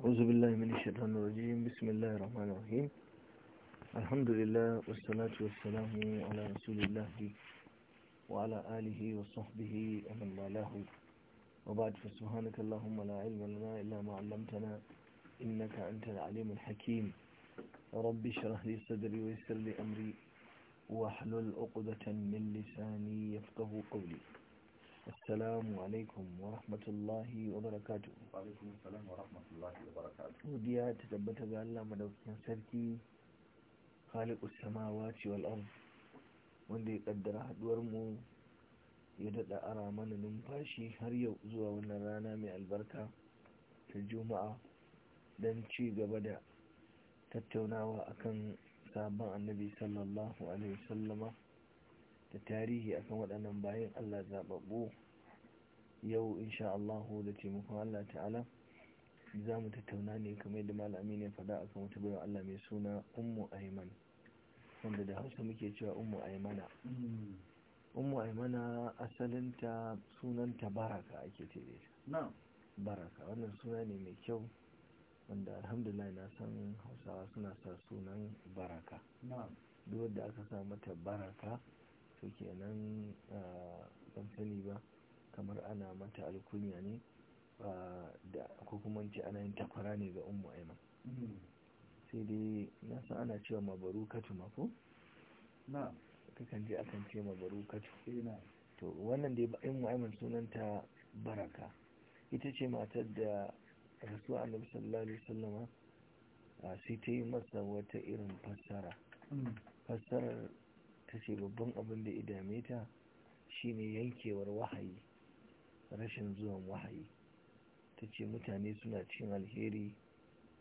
أعوذ بالله من الشيطان الرجيم بسم الله الرحمن الرحيم الحمد لله والصلاة والسلام على رسول الله وعلى آله وصحبه ومن والاه وبعد فسبحانك اللهم لا علم لنا إلا ما علمتنا إنك أنت العليم الحكيم رب اشرح لي صدري ويسر لي أمري واحلل عقدة من لساني يفقه قولي assalamu alaikum wa rahmatullahi wa barakatu godiya ta tabbata ga Allah madaukakin sarki khaliqus samawati ce ard wanda ya kaddara haduwar mu ya dada ara mana numfashi har yau zuwa wannan rana mai albarka ta juma'a don ci gaba da tattaunawa akan sabon annabi sallallahu alaihi wasallama da tarihi akan waɗannan bayan Allah zaɓaɓɓu yau insha Allah da taimakon Allah ta'ala za mu tattauna ne kamar yadda malami ne faɗa kan wata bayan Allah mai suna ummu aiman wanda da hausa muke cewa ummu aimana ummu aimana asalinta sunanta baraka ake ce da baraka wannan suna ne mai kyau wanda alhamdulillah na san hausawa suna sa sunan baraka duk da aka sa mata baraka to kenan a ba kamar ana mata alkunya ne da ko kuma ce ana yin takwara ne ga ummu aiman mm-hmm. sai dai na san ana cewa mabarukatu ma ko na kakan je akan ce mabarukatu eh, to wannan dai ummu aiman sunanta baraka ita ce matar da rasuwa annabi sallallahu alaihi wasallama sai ta yi masa wata irin fassara mm. fassarar ta ce babban abin da idame ta shine yankewar wahayi rashin zuwan wahayi ta ce mutane suna cin alheri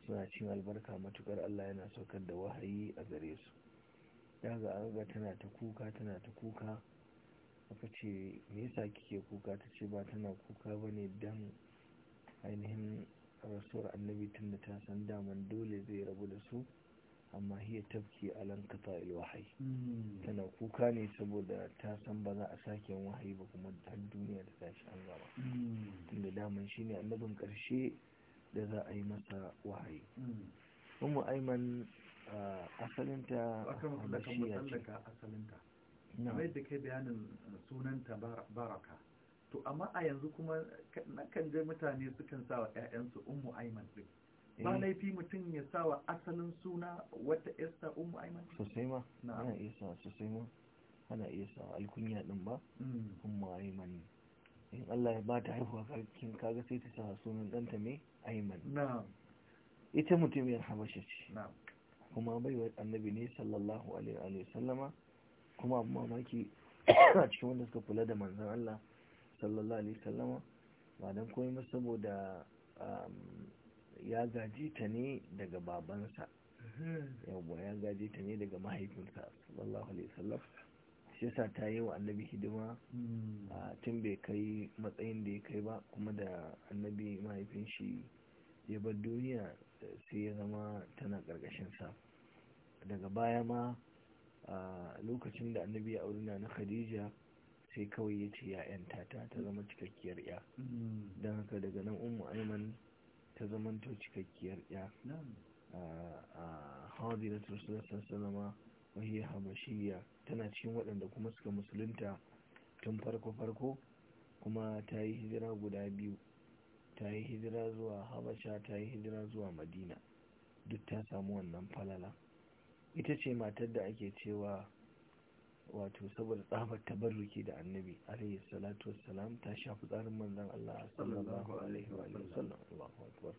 suna cin albarka matukar Allah yana saukar da wahayi a gare su daga anga tana ta kuka tana ta kuka aka ce me yasa kike kuka ta ce ba tana kuka ba ne don ainihin rasuwar annabi tun ta san daman dole zai rabu da su amma hiya tafki alan kafa ilwahai hmm. tana kuka ne saboda ta san ba za a sake yin wahayi ba kuma har duniya da tashi an gaba hmm. tunda daman shi ne annabin ƙarshe da za a yi masa wahayi hmm. umu aiman asalinta habashiya ce asalinta mai da kai bayanin sunanta baraka to amma a yanzu kuma nakan je mutane sukan sa wa 'ya'yansu umu aiman din ba eh. laifi mutum ya sawa asalin suna wata esta umu aiman sosai ma ana iya sawa sosai ma ana iya sawa alkunya din ba hmm. umu aiman in Allah ya ba ta ka kin kaga sai ta sawa sunan danta me aiman ita mutum mutumiyar habasha ce kuma wa annabi ne sallallahu alaihi wa sallama kuma abu mamaki a cikin wanda suka kula da manzan Allah sallallahu alaihi wa sallama ba koyi komai saboda um, ya gaji ta ne daga babansa mm-hmm. yawwa ya gaji ta ne daga mahaifinsa sallallahu alaihi wasallam shi yasa ta yi wa annabi hidima mm. a tun bai kai matsayin da ya kai ba kuma da annabi mahaifin shi ya bar duniya sai ya zama tana karkashin sa daga baya ma a lokacin da annabi ya auri na khadija sai kawai ya ce ya 'yanta ta ta zama cikakkiyar ya mm. don haka daga nan ummu aiman ta zamanto cikakkiyar ya a hadirat rasulullah sallallahu alaihi habashiyya tana cikin waɗanda kuma suka musulunta tun farko farko kuma ta yi hijira guda biyu ta yi hijira zuwa habasha ta yi hijira zuwa madina duk ta samu wannan falala ita ce matar da ake cewa wato saboda tsabar tabarruki da annabi alaihi salatu wassalam ta shafi tsarin manzon Allah sallallahu alaihi wa sallam Allahu akbar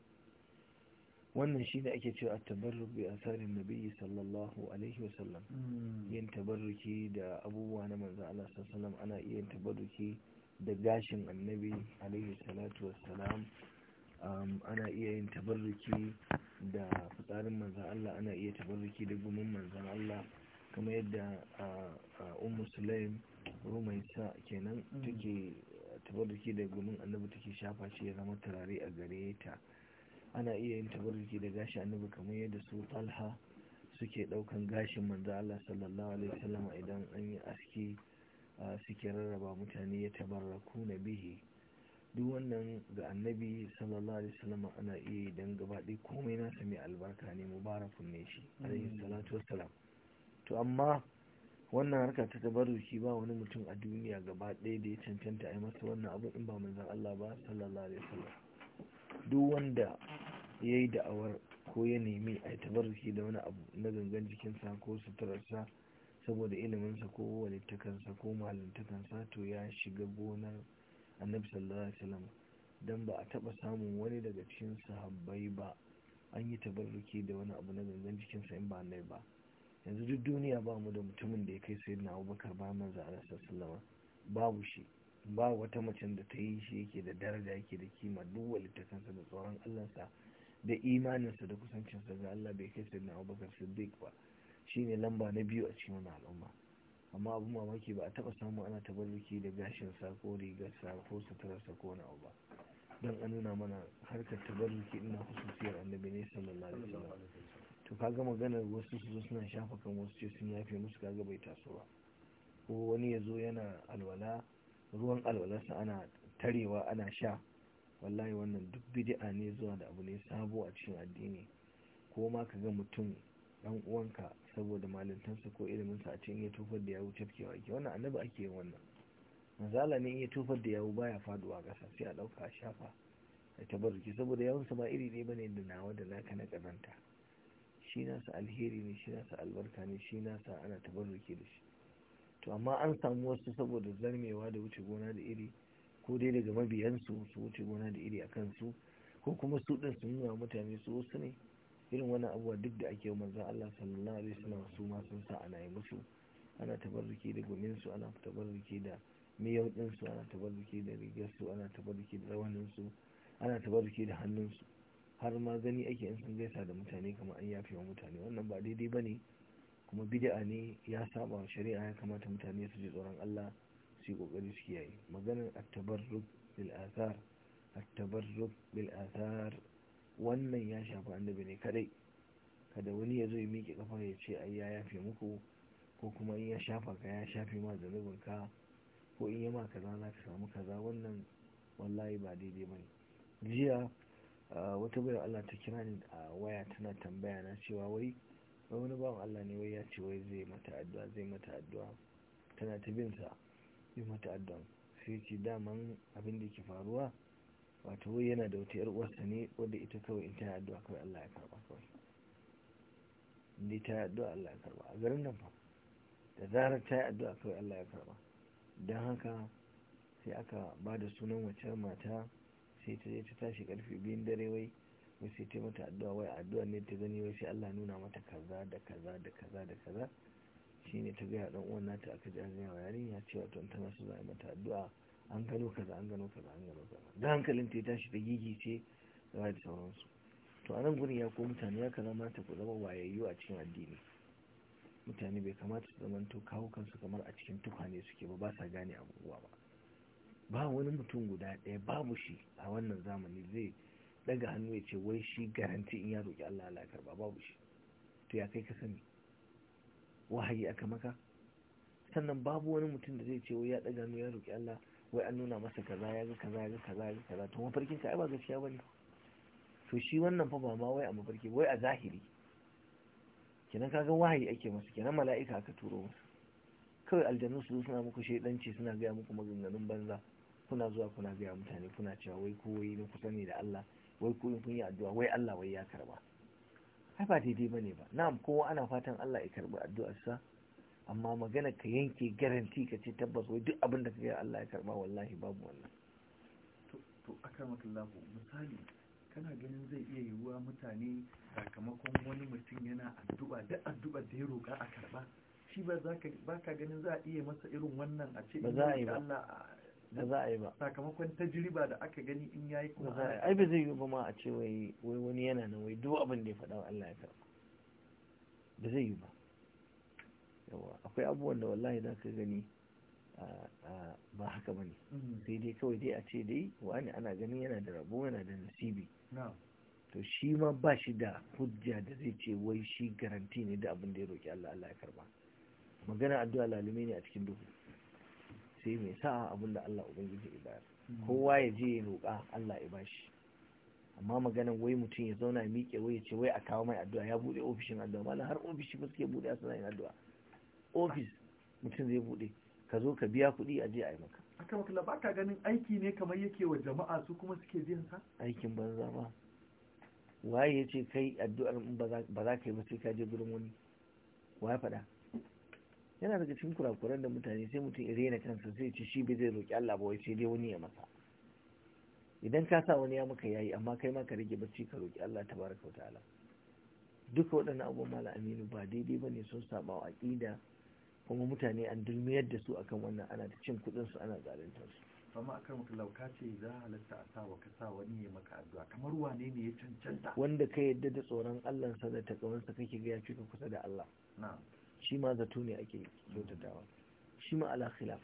wannan shi ne ake cewa tabarruk bi asarin nabiyyi sallallahu alaihi wa sallam hmm. yin tabarruki da abubuwa na manzon Allah sallallahu wa ana iya tabarruki da gashin annabi alaihi salatu wassalam um, ana iya yin tabarruki da fitsarin manzan Allah ana iya tabarruki da gumin manzan Allah kamar yadda Umar sulaim sa kenan mm. take tabarruki da gumin annabi take shafa shi ya zama turare a gare ta ana iya yin tabarruki da gashi annabi kamar yadda su talha suke daukan gashin manzo Allah sallallahu alaihi wasallam idan an yi aski suke rarraba mutane ya tabarraku na bihi duk wannan ga annabi sallallahu alaihi wasallam ana iya yi dan gaba komai na sami albarka ne mubarakun ne shi mm. alaihi salatu wassalam to amma wannan harka ta tabarruki ba wani mutum a duniya gaba ɗaya da ya cancanta a yi masa wannan abu in ba manzan Allah ba sallallahu alaihi wasallam duk wanda ya yi da'awar ko ya nemi a yi tabarruki da wani abu na gangan jikinsa ko suturarsa saboda iliminsa ko walittakansa ko malintakansa to ya shiga gonar annabi sallallahu alaihi wasallam dan ba a taba samun wani daga cikin sahabbai ba an yi tabarruki da wani abu na gangan jikinsa in ba annabi ba yanzu duk duniya ba mu da mutumin da ya kai sai na abubakar ba manzo ala sallama babu shi ba wata macen da ta yi shi yake da daraja yake da kima duk walittakansa da tsoron allansa da imaninsa da kusancinsa ga allah bai kai sai na abubakar siddiq ba shine lamba na biyu a cikin al'umma amma abu mamaki ba a taba samu ana tabarruki da gashin sa ko rigarsa ko suturarsa ko wani abu ba don a nuna mana harkar tabarruki ina hususiyar annabi ne sallallahu alaihi wasallam to ga maganar wasu su zo suna shafa kan wasu ce sun yafe musu kaga bai taso ba ko wani ya zo yana alwala ruwan alwalarsa ana tarewa ana sha wallahi wannan duk bidi'a ne zuwa da abu ne sabo a cikin addini ko ma ka ga mutum dan uwanka saboda malintansa ko iliminsa a cikin ya tofar da yawo tafkewa ke wannan annabi ake yin wannan mazala ne ya tofar da yawo baya faduwa ƙasa sai a ɗauka a shafa a tabarruki saboda yawansa ba iri ne bane da nawa da naka na ƙazanta shi nasa alheri ne shi nasa albarka ne shi nasa ana tabarruke da shi to amma an samu wasu saboda zarmewa da wuce gona da iri ko dai daga mabiyansu su wuce gona da iri a kansu ko kuma su ɗin sun nuna mutane su wasu ne irin wani abuwa duk da ake manzan Allah sallallahu alaihi wasallam su ma sun sa ana yi musu ana tabarruke da gumin su ana tabarruke da miyau su ana tabarruke da rigar su ana tabarruke da rawanin su ana tabarruke da hannun su har ma gani ake in sun gaisa da mutane kamar an yafe wa mutane wannan ba daidai ba ne kuma bid'a ne ya saba wa shari'a ya kamata mutane su ji tsoron Allah su yi kokari su kiyaye maganar at-tabarruk bil athar at-tabarruk bil athar wannan ya shafi annabi ne kadai kada wani ya zo ya miƙe kafa ya ce ai ya yafe muku ko kuma in ya shafa ka ya shafe ma zanubin ka ko in ya ma kaza za ka samu kaza wannan wallahi ba daidai bane jiya Ah, wata bayan Allah ta kira ni a waya tana tambaya na cewa wai wani bawan Allah ne wai ya ce wai zai mata addu'a zai mata addu'a tana ta bin sa zai mata addu'a sai ce daman abin da ke faruwa wato wai yana da wata yar uwarsa ne wanda ita kawai in ta addu'a kawai Allah ya karba kawai in ta addu'a Allah ya karba a garin nan fa da zarar ta yi addu'a kawai Allah ya karba don haka sai aka ba da sunan wacce mata sai ta je ta tashi karfe biyun dare wai wai sai ta mata addu'a wai addu'a ne ta gani wai sai Allah nuna mata kaza da kaza da kaza da kaza shine ta gaya dan uwan nata aka ji an gaya wa yarinya cewa ta masu za mata addu'a an gano kaza an gano kaza an gano kaza da hankalin ta ya tashi da ce da da sauransu to a nan gurin ya ko mutane ya ta ku zama wayayyu a cikin addini mutane bai kamata su zamanta kawo kansu kamar a cikin tukwane suke ba ba sa gane abubuwa ba ba wani mutum guda ɗaya babu shi a wannan zamani zai daga hannu ya ce wai shi garanti in ya roƙi Allah Allah karba babu shi to ya kai ka sani wahayi aka maka sannan babu wani mutum da zai ce wai ya daga hannu ya roƙi Allah wai an nuna masa kaza ya ga kaza ya ga kaza ya ga kaza to mafarkin ka ai ba gaskiya bane to shi wannan fa ba ma wai a mafarki wai a zahiri kenan kaga wahayi ake masa kenan mala'ika aka turo masa kawai aljanu su suna muku shaidanci suna gaya muku maganganun banza kuna zuwa kuna gaya mutane kuna cewa wai ko wai kusa ne da Allah wai in kun yi addu'a wai Allah wai ya karba ai ba daidai bane ba na'am kowa ana fatan Allah ya karbi sa amma magana ka yanke garanti ka ce tabbas wai duk abin da ka kaga Allah ya karba wallahi babu wannan to to akramakallahu misali kana ganin zai iya yiwuwa mutane sakamakon wani mutum yana addu'a da addu'a da ya roƙa a karba shi ba za ka ganin za a iya masa irin wannan a ce ba za a yi ba da za a yi ba sakamakon tajriba da aka gani in yayi kuma yi ba zai yi ba ma a ce wai wani yana nan wai duk abin da ya faɗa Allah ya karɓa ba zai yi ba yawa akwai abubuwan da wallahi za ka gani ba haka bane mm. sai dai kawai dai a ce dai wani ana gani yana da rabo yana da nasibi to shi ma ba shi da hujja da zai ce wai shi garanti ne da abin da ya roki Allah Allah ya karba magana addu'a lalume ne a cikin duhu sai mai sa'a abin da Allah ubangiji ya bayar hmm. kowa ya je ya roƙa Allah ya bashi amma maganan wai mutum ya zauna miƙe wai ya ce wai a kawo mai addu'a ya buɗe ofishin addu'a malam har ofishi ba suke buɗe suna yin addu'a ofis mutum zai buɗe ka zo ka biya kuɗi a je a yi maka aka maka ba ka ganin aiki ne kamar yake wa jama'a su kuma suke biyan sa aikin banza ba waye ya ce kai addu'ar ba za ka yi ba sai ka je gurin wani waye faɗa yana daga cikin kurakuran da mutane sai mutum ya rena kansa sai ce shi bai zai roƙi Allah ba wai sai dai wani ya masa idan ka sa wani ya maka yayi amma kai ma ka rage bacci ka roƙi Allah tabaraka wa ta'ala duka waɗannan abubuwan mala aminu ba daidai ba ne sun saba wa aƙida kuma mutane an dulmiyar da su akan wannan ana ta cin kuɗin su ana zalunta su amma akan mutum lauka ce za halatta a sa wa ka sa wani ya maka addu'a kamar wane ne ya cancanta wanda ka yadda da tsoron Allah sa da takawansa kake ga ya fi ka kusa da Allah na'am shi ma zato ne ake kyautatawa shi ma ala khilaf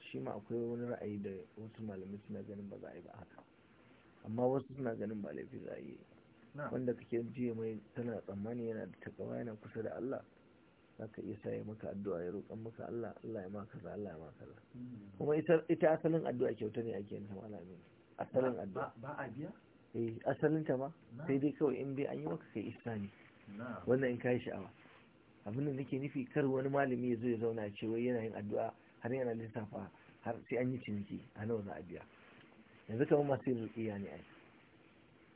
shi ma akwai wani ra'ayi da wasu malamai suna ganin ba za a yi ba haka amma wasu suna ganin ba laifi za a yi wanda kake jiya mai tana tsammani yana da takawa yana kusa da Allah zaka iya sa ya maka addu'a ya roƙan maka Allah Allah ya maka za Allah ya maka za hmm. kuma ita asalin addu'a kyauta ne ake yin ta malami asalin addu'a ba a biya eh asalin ta ma sai dai kawai in bai an yi maka kai isani wannan in kai sha'awa abin da nake nufi kar wani malami ya zo ya zauna ce wai yana yin addu'a har yana lissafa har sai an yi ciniki a nawa za a biya yanzu kamar masu yin rukiya ne ai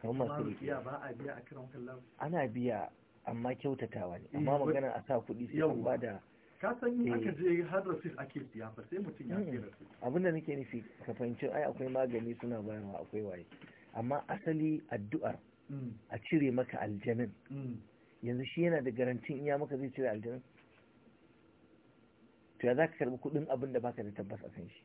kamar masu rukiya ba a biya a kiran kallon ana biya amma kyautatawa ne amma eh, magana a sa kuɗi sai an ba da ka san yi aka eh. je har rasit ake siya ba sai mutum ya siya rasit abin da nake nufi ka fahimci ai akwai magani suna bayarwa akwai waye amma asali addu'ar mm. a cire maka aljanin mm. yanzu shi yana da garantin in ya maka zai cire aljanin to ya za ka karbi kudin abin da baka da tabbas a kan shi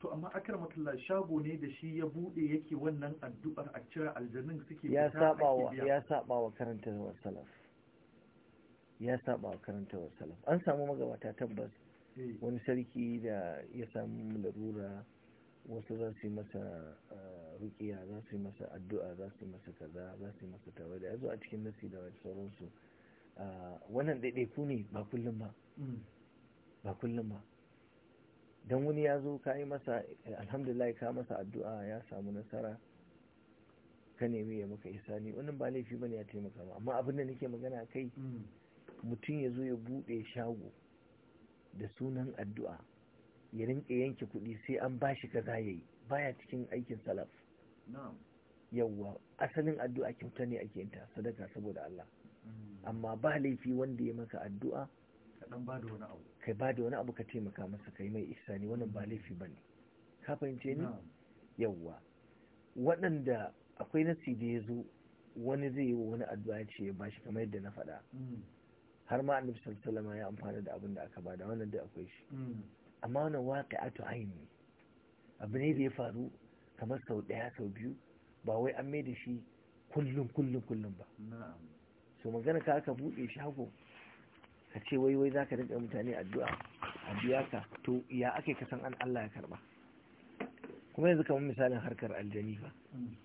to amma akar matalla shago ne da shi ya bude yake wannan addu'ar a cire aljanin suke ya saba wa ya saba wa karanta wa salaf ya saba wa karanta wa salaf an samu magabata tabbas eh. wani sarki da ya samu larura wasu za su yi masa rukiya za su yi masa addu'a za su yi masa kaza za su yi masa da ya zo a cikin nasi da wani sauransu wannan daidai ku ne ba kullum ba mm. ba kullum ba don wani ya zo ka yi masa alhamdulillah ka masa addu'a ya samu nasara ka nemi ya maka isani wannan ba laifi ba ne ya taimaka ba, amma abin da nake magana kai mm. mutum ya zo ya buɗe shago da sunan addu'a ya rinka yanke kuɗi sai an bashi kaza yayi baya cikin aikin salaf yawwa asalin addu'a kyauta ne ake yinta sadaka saboda Allah mm. amma ba laifi wanda ya maka addu'a ka ba da wani abu ka taimaka masa kai mai ihsani wannan ba laifi bane ka fahimce ni yawwa waɗanda akwai nasi da ya zo wani zai yi wani addu'a ya ce ya shi kamar yadda na faɗa mm. har ma annabi sallallahu alaihi ya amfana da abin da aka bada wannan da akwai shi mm. amma wannan waqi'atu aini abu ne da ya faru kamar sau ɗaya sau biyu ba wai an mai da shi kullum kullum kullum ba so magana ka aka buɗe shago ka ce wai wai za ka rinka mutane addu'a a biya ka to ya ake ka san an Allah ya karba kuma yanzu kamar misalin harkar aljani ba mm.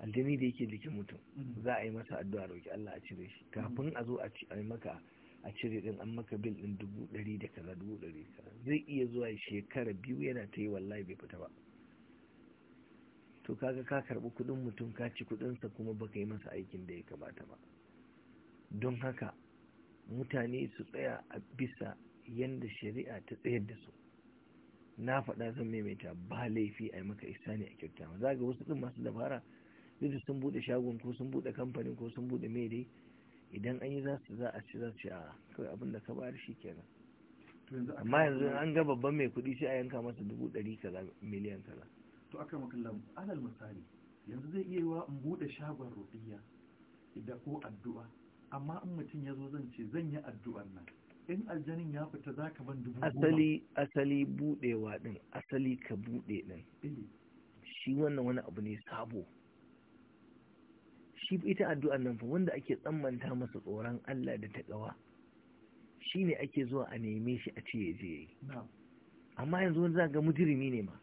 aljani da yake jikin mutum mm. za a yi masa addu'a roki Allah a cire shi kafin a zo a yi maka a cire din an maka bil din dubu ɗari da kaza dubu ɗari kaza zai iya zuwa shekara biyu yana ta yi wallahi bai fita ba to kaga ka karɓi kuɗin mutum ka ci kuɗinsa kuma baka yi masa aikin da ya kamata ba don haka mutane su tsaya a bisa yadda shari'a ta tsayar da su na faɗa zan maimaita ba laifi a yi maka ne a kyauta ma za ga wasu ɗin masu dabara duk sun buɗe shagon ko sun buɗe kamfanin ko sun buɗe mai dai idan an yi za su za a ci za ci a kawai abin da ka ba shi kenan amma yanzu an ga babban mai kuɗi sai a yanka masa dubu ɗari kaza miliyan kaza to aka makalla alal misali yanzu zai iya yiwa in buɗe shagon rubiya da ko addu'a amma in mutum ya zo zan ce zan yi addu'ar nan in aljanin ya fita za ka ban dubu asali asali buɗewa din, asali ka buɗe din. Eh. shi wannan wani abu ne sabo shi ita addu'an nan fa wanda ake tsammanta masa tsoron Allah da taƙawa shi ne ake zuwa a neme shi a ce ya je yi amma yanzu wani zaga mujirimi ne ma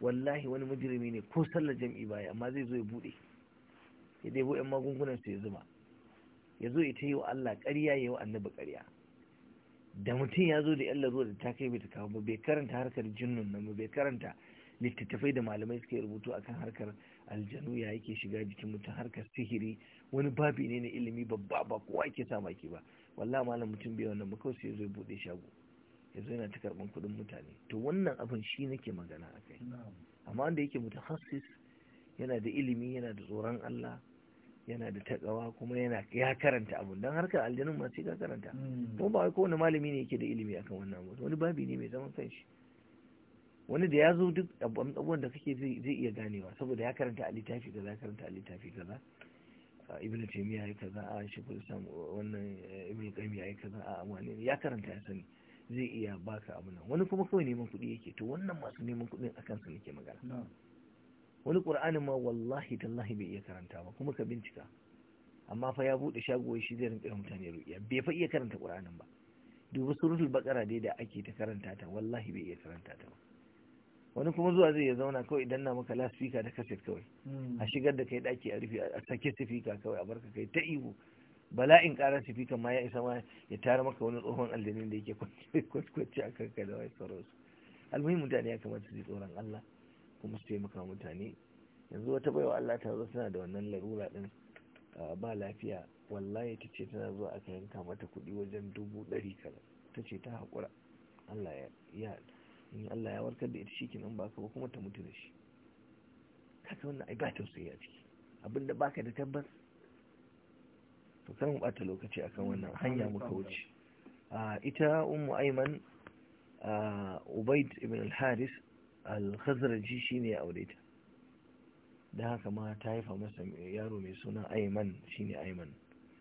wallahi wani mujirimi ne ko sallar jam'i baya amma zai zo ya buɗe ya debo yan magungunan su ya zuba ya zo ya ta yi wa Allah ƙarya ya yi wa annabi ƙarya da mutum ya zo da yan zuwa da ta kai bai ta kawo ba bai karanta harkar jinnun nan ba bai karanta littattafai da malamai suke rubutu akan harkar aljanu ya yake shiga jikin mutum harkar sihiri wani babi ne na ilimi babba ba kowa yake sa baki ba wallahi malam mutum bai wannan ba kawai sai zo bude shago ya zo yana ta karban kuɗin mutane to wannan abin shi nake magana a kai amma wanda yake mutahassis yana da ilimi yana da tsoron Allah yana da takawa kuma yana ya karanta abu don harkar aljanun masu ya karanta hmm. kuma ba wai kowane malami ne yake da ilimi akan wannan abu wani babi ne mai zaman kanshi wani da ya zo duk abubuwan da kake zai iya ganewa saboda ya karanta a littafi kaza ya karanta a littafi kaza ibn taymiya yi kaza a shekul islam wannan eh, ibn qayyim yi kaza a wani ya karanta ya sani zai iya baka abu nan wani kuma kawai neman kuɗi yake to wannan masu neman kuɗin akan su nake magana wani qur'anin ma wallahi tallahi bai iya karanta ba kuma ka bincika amma fa ya bude shago shi zai rinka mutane ru'iya bai fa iya karanta qur'anin ba duba suratul baqara dai da ake ta karanta ta wallahi bai iya karanta ta ba wani kuma zuwa zai zauna kawai idan na maka laspika da kaset kawai a hmm. shigar da kai daki a rufe a sake sifika kawai a barka kai ta ihu bala'in karar sifika ma ya isa ma ya tara maka wani tsohon aljanin da yake kwace a kanka da wai sauransu almuhim mutane ya kamata su tsoron Allah kuma su taimaka mutane yanzu wata baiwa Allah ta zo suna da wannan larura din ba lafiya wallahi ta ce tana zuwa aka yanka mata kuɗi wajen dubu ɗari kaza ta ce ta haƙura Allah ya in Allah ya warkar da ita shi kenan ba ka ba kuma ta mutu da shi kaka wannan ai ba tausayi a ciki abinda baka da tabbas to kan mu bata lokaci akan wannan hanya muka wuce ah, ita ummu aiman ah, ubaid ibn al-haris al-khazraji shine ya aure ta dan haka ma ta haifa masa yaro mai suna aiman shine aiman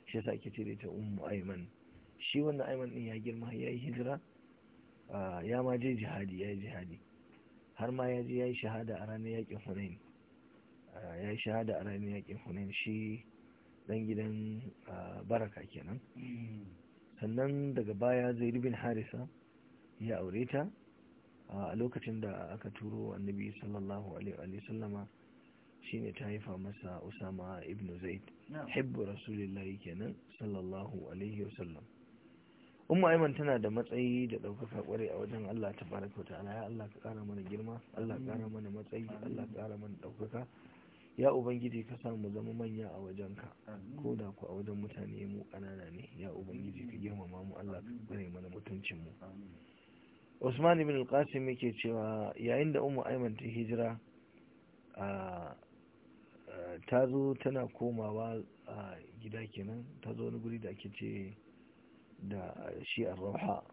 shi yasa ake ce da ita ummu aiman shi wannan aiman din ya girma ya yi hijira ya ma je jihadi ya jihadi har ma ya je ya yi shahada a ranar yakin hunain ya yi shahada a ranar yakin hunain shi dan gidan baraka kenan sannan daga baya zai ribin harisa ya aure ta a lokacin da aka turo annabi sallallahu alaihi sallama shine ta haifa masa usama ibn zaid hibbu rasulillahi kenan sallallahu alaihi wasallam umma aiman tana da matsayi da ɗaukaka kwarai a wajen Allah ta fara kyauta ya Allah ka ƙara mana girma Allah ka ƙara mana matsayi Allah ka ƙara mana ɗaukaka ya ubangiji ka sa mu zama manya a wajen ka ko da ku a wajen mutane mu ƙanana ne ya ubangiji ka girmama mu Allah ka tsare mana mutuncin mu Usman ibn al-Qasim yake cewa yayin da umma Aiman ta hijira a ta zo tana komawa a gida kenan ta zo wani guri da ake ce da shi a rauha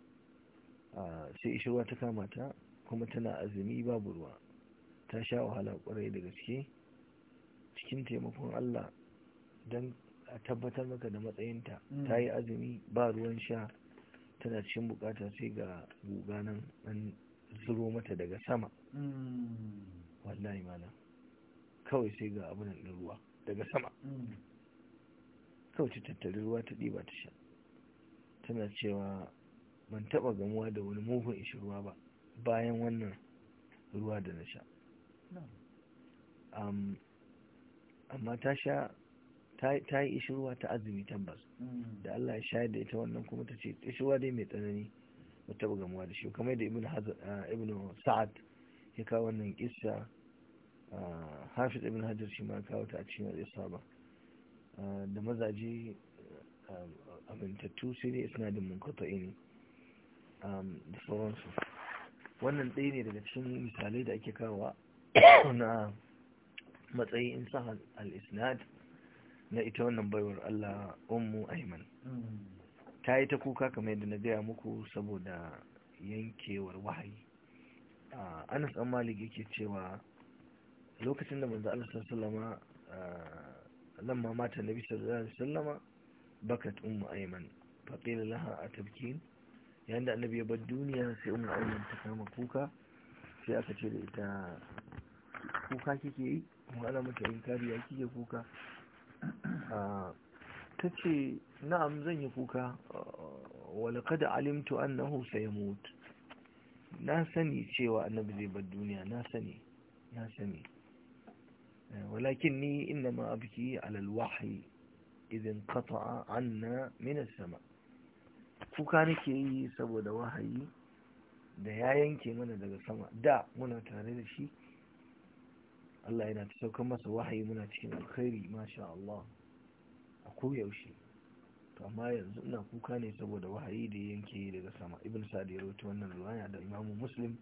sai ruwa ta kama ta kuma tana azumi babu ruwa ta sha wahala kwarai da gaske cikin taimakon Allah don a tabbatar maka da matsayinta mm. ta yi azumi ba ruwan sha tana cikin bukata sai ga guga nan an zuro mata daga sama mm. wallahi mana kawai sai ga abin ruwa daga sama mm. kawai ta tattari ruwa ta ɗiba ta sha tana cewa ban taba gamuwa da wani mugun ishi ruwa ba bayan wannan ruwa da na sha amma ta sha ta yi ishirwa ta azumi tabbas mm. da Allah ya shayar da ita wannan kuma ta ce ishirwa dai mai tsanani ba taɓa gamuwa da shi kamar da ah, ibn sa'ad ya kawo wannan kisa, ah, hafiz ibn hajar shi ma kawo ta a cikin ba ah, da mazaje amintattu sai dai isnadin munkata'i ne um, da sauransu wannan ɗaya ne daga cikin misalai da ake kawo na matsayin insan al-isnad na ita wannan baiwar Allah ummu aiman ta yi ta kuka kamar yadda na gaya muku saboda yankewar wahayi anas an yake cewa lokacin da manzo Allah sallama lamma mata nabi sallallahu alaihi wasallama bakat ummu aiman faƙila laha a tafkin yayin da annabi ya bar duniya sai ummu aiman ta kama kuka sai aka ce da ita kuka kike yi kuma ana mata inkari ya kike kuka ah, ta ce na'am zan yi kuka walakada alimtu annahu sayamut na sani cewa annabi zai bar duniya na sani na sani eh, walakin ni inna ma abki alal wahyi idin kata'a anna min as-sama kuka nake yi saboda wahayi da ya yanke mana daga sama da muna tare da shi Allah yana ta saukar masa wahayi muna cikin alkhairi masha Allah a koyaushe to amma yanzu ina kuka ne saboda wahayi da yanke daga sama ibn sa'd ya rawaito wannan riwaya da imamu muslim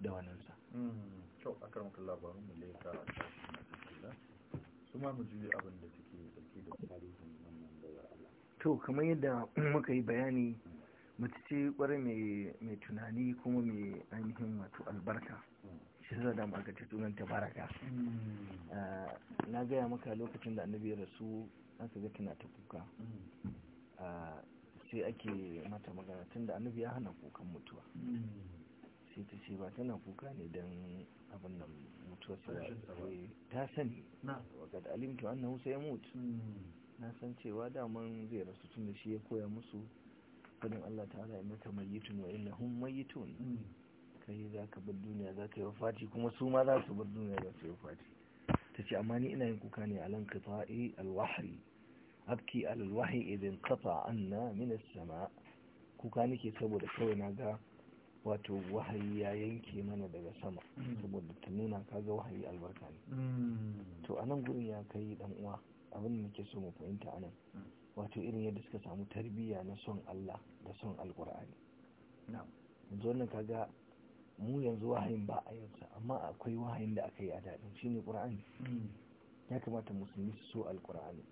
da wannan sa mm-hmm. to akan kallabarin mu leka su ma mu ji abin da ke. to kamar yadda muka yi bayani mace ce kwarai mai tunani kuma mai ainihin wato albarka shi za da maka ce tunan baraka mm. ah, na gaya maka lokacin da annabi ya rasu aka ga tana ta kuka mm. ah, sai ake mata magana tun da annabi ya hana kukan mutuwa mm. sai ta ce ba tana kuka ne don abin nan mutuwa eh, ta sani wa kad alimtu annahu mutu. na san cewa daman zai rasu tun da shi ya koya musu fadin Allah ta'ala inna ka mayyitun wa innahum mayyitun kai za ka bar duniya za ka yi wafati kuma su ma za su bar duniya za su yi wafati ta ce amma ni ina yin kuka ne alan qita'i alwahari abki alwahi idan qata anna min as-sama kuka nake saboda kawai na ga wato wahayi ya yanke mana daga sama mm. saboda ta nuna kaga wahayi albarka ne mm. to anan gurin ya kai dan uwa abin da nake so mu fahimta anan wato irin yadda suka samu tarbiyya na son Allah da son alkur'ani yanzu wannan kaga mu yanzu wahayin ba a yansa amma akwai wahayin da aka yi a daɗin shine qur'ani hmm. ya kamata musulmi su so alkur'ani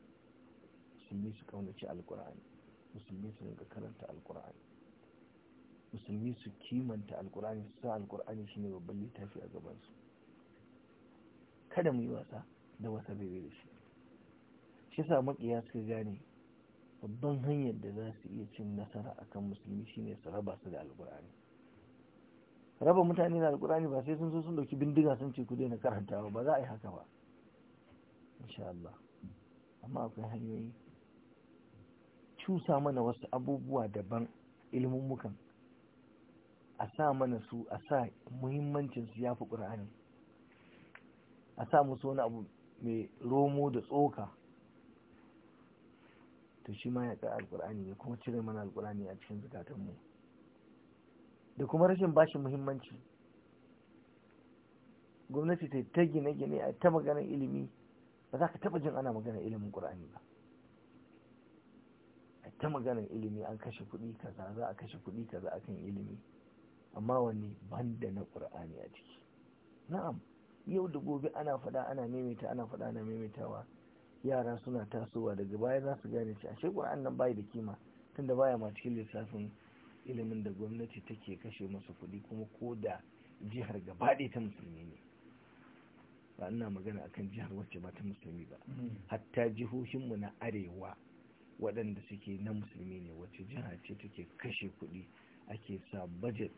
musulmi su kaunaci alkur'ani musulmi su rinka karanta alkur'ani musulmi su kimanta alkur'ani su sa alkur'ani shine babban littafi a gabansu kada mu yi wasa da wasa bebe da shi shi sa makiya suka gane babban hanyar da za su iya cin nasara akan musulmi shine su raba su da alkur'ani raba mutane da alkur'ani ba sai sun zo sun dauki bindiga sun ce ku daina karantawa ba za a yi haka ba insha Allah amma akwai hanyoyi cusa mana wasu abubuwa daban ilmummukan a sa mana su a sa muhimmancin su ya fi ƙur'ani a sa musu wani abu mai romo da tsoka to shi ma ya tsaya alkur'ani ya kuma cire mana alkur'ani a cikin mu. da kuma rashin bashi muhimmanci gwamnati ta ta gine-gine a ta magana ilimi ba za ka taɓa jin ana magana ilimin ƙur'ani ba a ta magana ilimi an kashe kuɗi kaza za a kashe kuɗi kaza akan ilimi amma wani banda na ƙur'ani a ciki na'am yau da gobe ana faɗa ana maimaita ana faɗa ana maimaitawa yara suna tasowa daga baya za su gane shi ashe ƙur'an nan bai da kima tunda baya ma cikin lissafin ilimin da gwamnati take kashe masa kuɗi kuma ko da jihar gaba ɗaya ta musulmi ne ba ina magana akan jihar wacce ba ta musulmi ba mm. hatta jihohinmu na arewa waɗanda suke na musulmi ne wacce jiha ce take kashe kuɗi ake sa bajet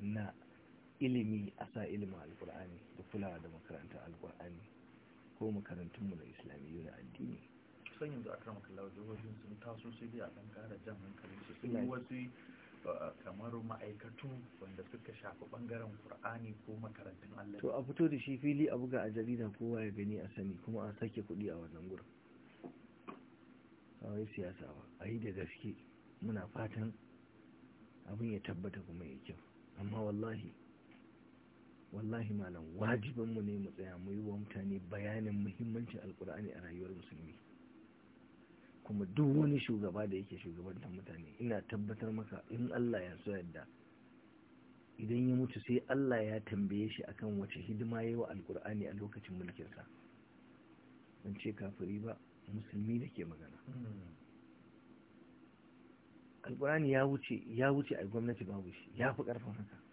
na ilimi a sa ilimin alƙur'ani da kulawa da makarantar alƙur'ani. ko makarantunmu na islamiyyu na addini kusan yanzu a kan kalawa jihohin sun taso sai dai a kan kara jan hankalin su sun wasu kamar ma'aikatu wanda suka shafi bangaren qur'ani ko makarantun allah to a fito da shi fili a buga a jarida kowa ya gani a sani kuma a sake kuɗi a wannan gurin kawai siyasa ba a yi da gaske muna fatan abin ya tabbata kuma ya kyau amma wallahi wallahi malam wajibanmu ne mu tsaya mu yi wa mutane bayanin muhimmancin alkur'ani a rayuwar musulmi kuma duk wani shugaba da yake shugabantar mutane ina tabbatar maka in allah ya so yadda idan ya mutu sai allah ya tambaye shi akan wace hidima ya yi wa alkur'ani a lokacin mulkinsa ban ce kafiri ba musulmi da ke magana alkur'ani ya wuce a gwamnati babu shi ya fi karfin haka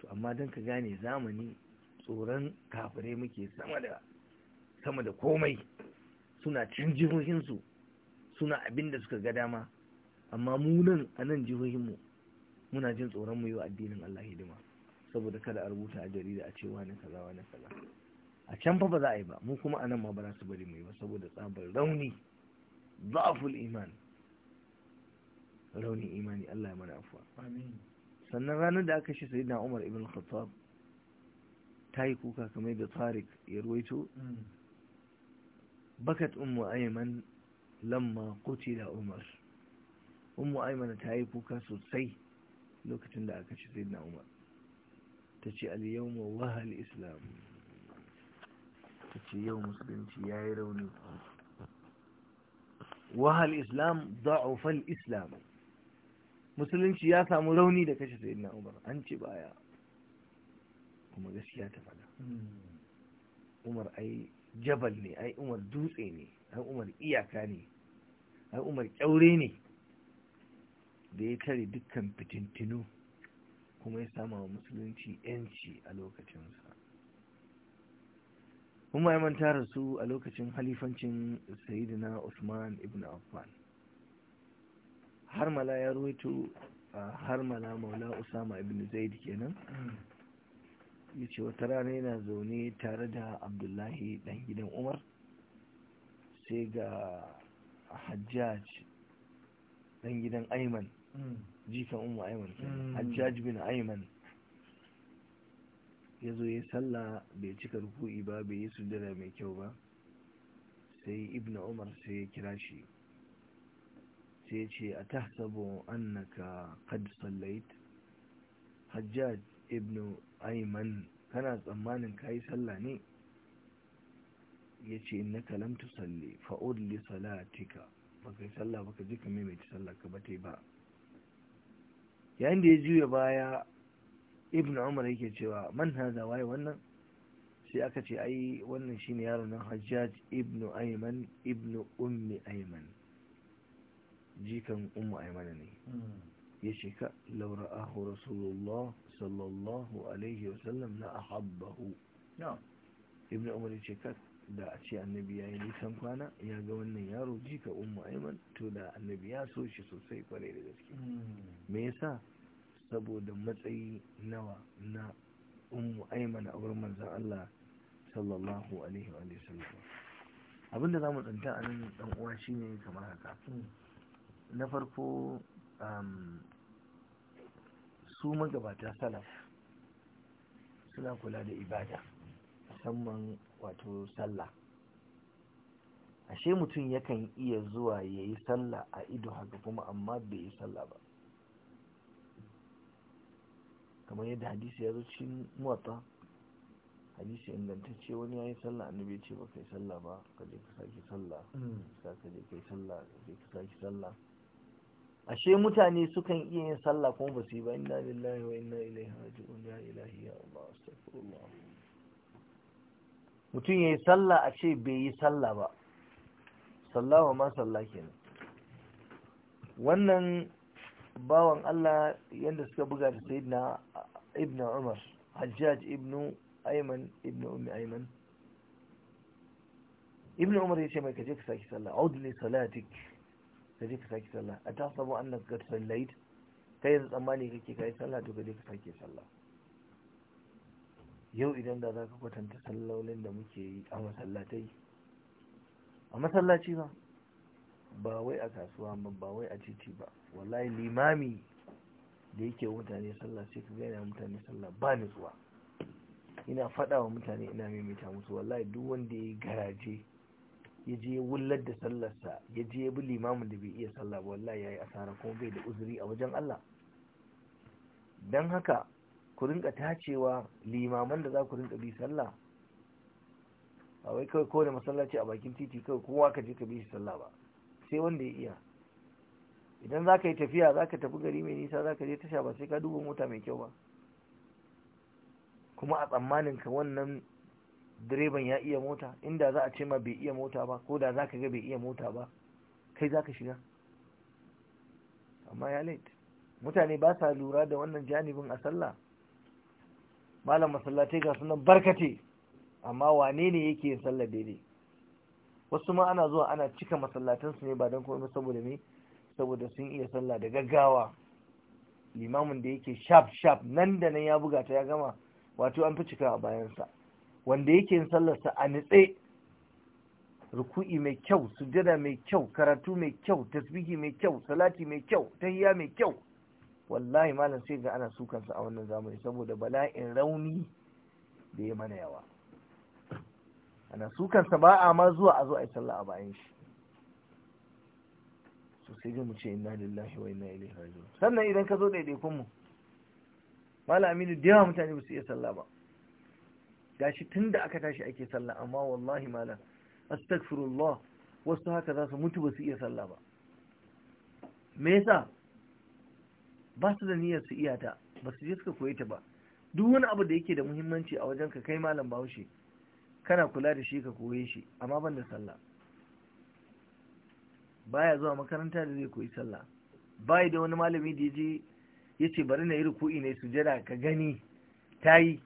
to amma don ka gane zamani tsoron kafirai muke sama da komai suna can jihohinsu suna abin da suka ga dama amma mu nan a nan jihohinmu muna jin tsoron mu yi wa addinin Allah hidima saboda kada a rubuta a jarida a cewa na kaza wani kaza a can fa ba za a yi ba mu kuma a nan ma ba za su bari mu yi ba saboda tsabar rauni ضعف iman raunin imani Allah ya mana afuwa amin sannan ranar da aka shi sayyidina Umar ibn Khattab ta yi kuka kamar da Tariq ya ruwaito bakat ummu ayman lamma qutila Umar ummu ayman ta yi kuka sosai lokacin da aka shi sayyidina Umar tace al yawma wahal islam tace yau musulunci yayi rauni wahal islam da'ufa al islam musulunci ya samu rauni da kashe na umar an ce baya kuma gaskiya ta fada hmm. umar ai jabal ne ai umar dutse ne ai umar iyaka ne ai umar kyaure ne da ya tare dukkan fitintinu kuma ya sama wa musulunci yanci a lokacinsa kuma ya manta su a lokacin halifancin sayidina usman ibn affan harmala ya ruwaito harmala maula usama ibn zaid kenan hmm. ya ce wata rana yana zaune tare da abdullahi dan gidan umar sai ga hajjaj dan gidan aiman hmm. jikan umu aiman hmm. hajjaj bin aiman ya zo ya sallah bai cika ruku'i ba bai yi sujjada mai kyau ba sai ibn umar sai ya kira shi sai ce a tahsabu annaka qad sallait hajjaj ibn ayman kana tsammanin kayi salla ne yace innaka lam tusalli fa li salatika baka yi sallah baka ji ka maimaita sallah ka ba yi ba yayin da ya juya baya ibn umar yake cewa man hada waye wannan sai aka ce ai wannan shine yaron nan hajjaj ibn ayman ibnu ummi ayman jikan ummu aimana ne ya ce ka laura ahu rasulullah sallallahu alaihi wasallam na ahabbahu ibn umar ya ce ka da a ce annabi ya yi nisan kwana ya ga wannan yaro jika ummu aiman to da annabi ya so shi sosai kwarai da gaske hmm. me yasa saboda matsayi nawa na ummu aiman a wurin manzan Allah sallallahu alaihi wa sallam abinda zamu tsanta a nan dan uwa shine kamar haka hmm. na farko um, su magabata salaf suna kula da ibada musamman wato sallah ashe mutum yakan iya zuwa ya yi sallah a ido haka kuma amma bai yi sallah ba kamar yadda hadisi ya zuci cikin hadisi inganta ce wani ya yi sallah annabi ya ce ba kai sallah ba ka je ka sake sallah hmm. ka je ka yi sallah ka ka sake sallah ashe mutane sukan iya yin sallah kuma ba su yi ba inna lillahi wa inna ilaihi raji'un ya ilahi ya Allah astaghfirullah mutum yayi sallah a ce bai yi sallah ba wa ma sallah kenan wannan bawan Allah yadda suka buga da sayyidina ibn Umar Hajjaj ibn Ayman ibn Ummi Ayman ibn Umar ya ce mai kaje ka saki sallah aud li salatik ka je ka sake sallah a ta sabo an ka sallait kai yanzu tsammani kake kai sallah to ka je ka sake sallah yau idan da za ka kwatanta sallolin da muke yi a masallatai a masallaci ba ba wai a kasuwa ba ba wai a titi ba wallahi limami da yake mutane sallah sai ka gaina mutane sallah ba nutsuwa ina faɗa wa mutane ina maimaita musu wallahi duk wanda ya yi garaje ya je ya wullar da sallarsa ya je ya bi limamin da bai iya sallah ba wallahi yayi asara kuma bai da uzuri a wajen Allah dan haka ku rinka tacewa limaman da za ku rinka bi sallah ba wai kawai kowane masallaci a bakin titi kawai kowa ka je ka bi shi sallah ba sai wanda ya iya idan za ka yi tafiya za ka tafi gari mai nisa za ka je tasha ba sai ka duba mota mai kyau ba kuma a tsammanin ka wannan direban ya iya mota inda za a ce ma bai iya mota ba ko da za ka ga bai iya mota ba kai za ka shiga amma ya late mutane ba sa lura da wannan janibin a sallah malam masallatai ga sunan barkate amma wane ne yake yin sallah daidai wasu ma ana zuwa ana cika masallatansu ne ba don kuma saboda ne saboda sun iya sallah da gaggawa limamin da yake sharp sharp nan da nan ya buga ta ya gama wato an fi cika a bayansa wanda yake yin sallarsa a nitse ruku'i mai kyau sujada mai kyau karatu mai kyau tasbihi mai kyau salati mai kyau tahiya mai kyau wallahi malam sai ga ana sukansa a wannan zamani saboda bala'in rauni da ya mana yawa ana sukansa ba a ma zuwa a zo a yi sallah a bayan shi to sai dai mu ce inna lillahi wa inna ilaihi raji'un sannan idan ka zo ɗaiɗaikun mu malam aminu da yawa mutane ba su iya sallah ba gashi tunda aka tashi ake sallah amma wallahi malam astaghfirullah wasu haka za su mutu ba su iya sallah ba me yasa ba su da niyyar su iya ta ba su je suka koyi ta ba duk wani abu da yake da muhimmanci a wajen ka kai malam bahaushe kana kula da shi ka koye shi amma ban da sallah baya zuwa makaranta da zai koyi sallah bai da wani malami da ya je ya ce bari na yi ruku'i ne sujada ka gani tayi.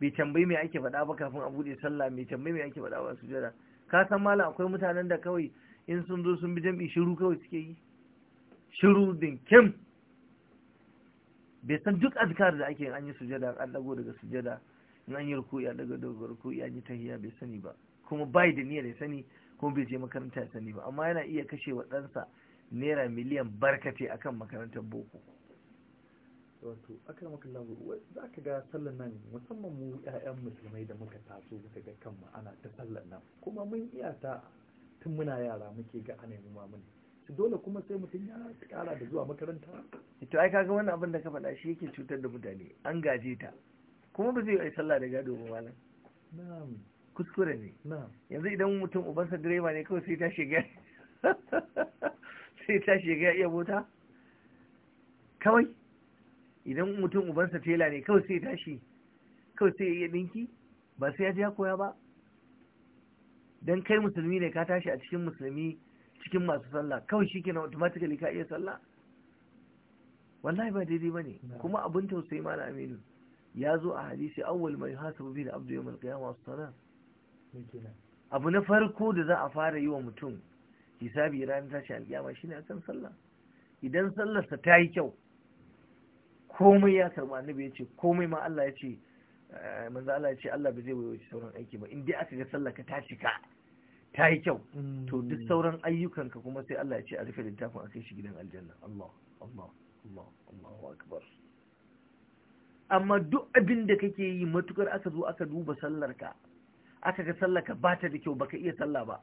bai tambayi mai ake faɗa ba kafin a buɗe sallah mai tambayi mai ake faɗa ba su sujada ka san mala akwai mutanen da kawai in sun zo sun bi jam'i shiru kawai suke yi shiru Kim. bai san duk azkar da ake an yi sujada an dago daga sujada in an yi ruku'i daga daga ruku'i an yi tahiya bai sani ba kuma bai da niyyar ya sani kuma bai je makaranta ya sani ba amma yana iya kashe wa ɗansa naira miliyan barkate akan makarantar boko wato aka maka labu za ka ga sallar nan musamman mu 'ya'yan musulmai da muka taso muka ga kanmu ana ta sallar nan kuma mun iya ta tun muna yara muke ga ana yi mamun dole kuma sai mutum ya kara da zuwa makaranta ita ai kaga wannan abin da ka faɗa shi yake cutar da mutane an gaje ta kuma ba zai yi sallah da gado ba malam na'am kuskure ne na'am yanzu idan mutum ubansa direba ne kawai sai ta shiga sai ta shiga iya mota kawai idan mutum ubansa tela ne kawai sai tashi kawai sai iya dinki ba sai ya ji koya ba dan kai musulmi ne ka tashi a cikin musulmi cikin masu sallah kawai shi kenan automatically ka iya sallah wallahi ba daidai ba ne kuma abin tausayi mana aminu ya zo a hadisi awwal mai hasabu bi da abdu yawm al-qiyamah as-salat abu na farko da za a fara yi wa mutum hisabi ranar tashi al qiyamah shine akan sallah idan sallarsa ta yi kyau komai ya samu annabi ya ce komai ma Allah ya ce eh, manzo Allah ya ce Allah ba zai wuce sauran aiki ba in dai aka ga sallah ka ta cika ta yi kyau to mm. duk sauran ayyukan ka kuma sai Allah ya ce a rufe littafin a kai shi gidan aljanna Allah Allah Allah Allahu akbar amma duk abin da kake yi matukar aka zo aka duba sallarka aka ga ka ba ta da kyau baka iya sallah ba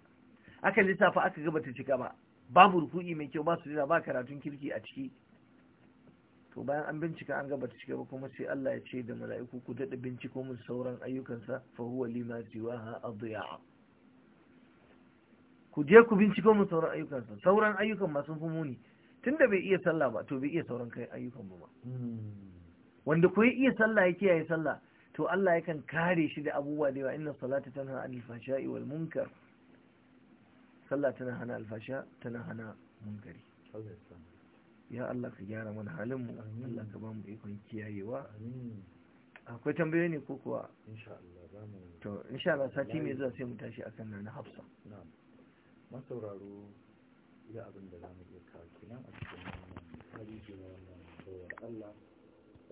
aka lissafa aka ga bata cika ba babu ruku'i mai kyau ba su ba karatun kirki a ciki to bayan an bincika an gabata cike ba kuma sai Allah ya ce da mala'iku ku daɗa binciko mun sauran ayyukansa fa huwa lima siwaha adiya ku je ku binciko mun sauran ayyukansa sauran ayyukan ma sun fi muni tunda bai iya sallah ba to bai iya sauran kai ayyukan ba hmm. wanda ku iya sallah ya kiyaye sallah to Allah yakan kare shi da abubuwa da yawa inna salata tanha anil fashai wal munkar sallah tana hana alfasha tana hana munkari alaihi wasallam ya Allah ka gyara mana halin mu Allah ka ba mu ikon kiyayewa akwai tambayoyi ne ko kuwa to insha Allah sati mai zuwa sai mu tashi akan na Hafsa na'am masauraro ya abinda da zamu iya kawo kenan a cikin wannan hali na wannan Allah